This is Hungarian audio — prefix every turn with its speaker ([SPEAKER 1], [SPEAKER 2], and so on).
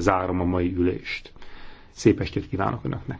[SPEAKER 1] zárom a mai ülést. Szép estét kívánok Önöknek!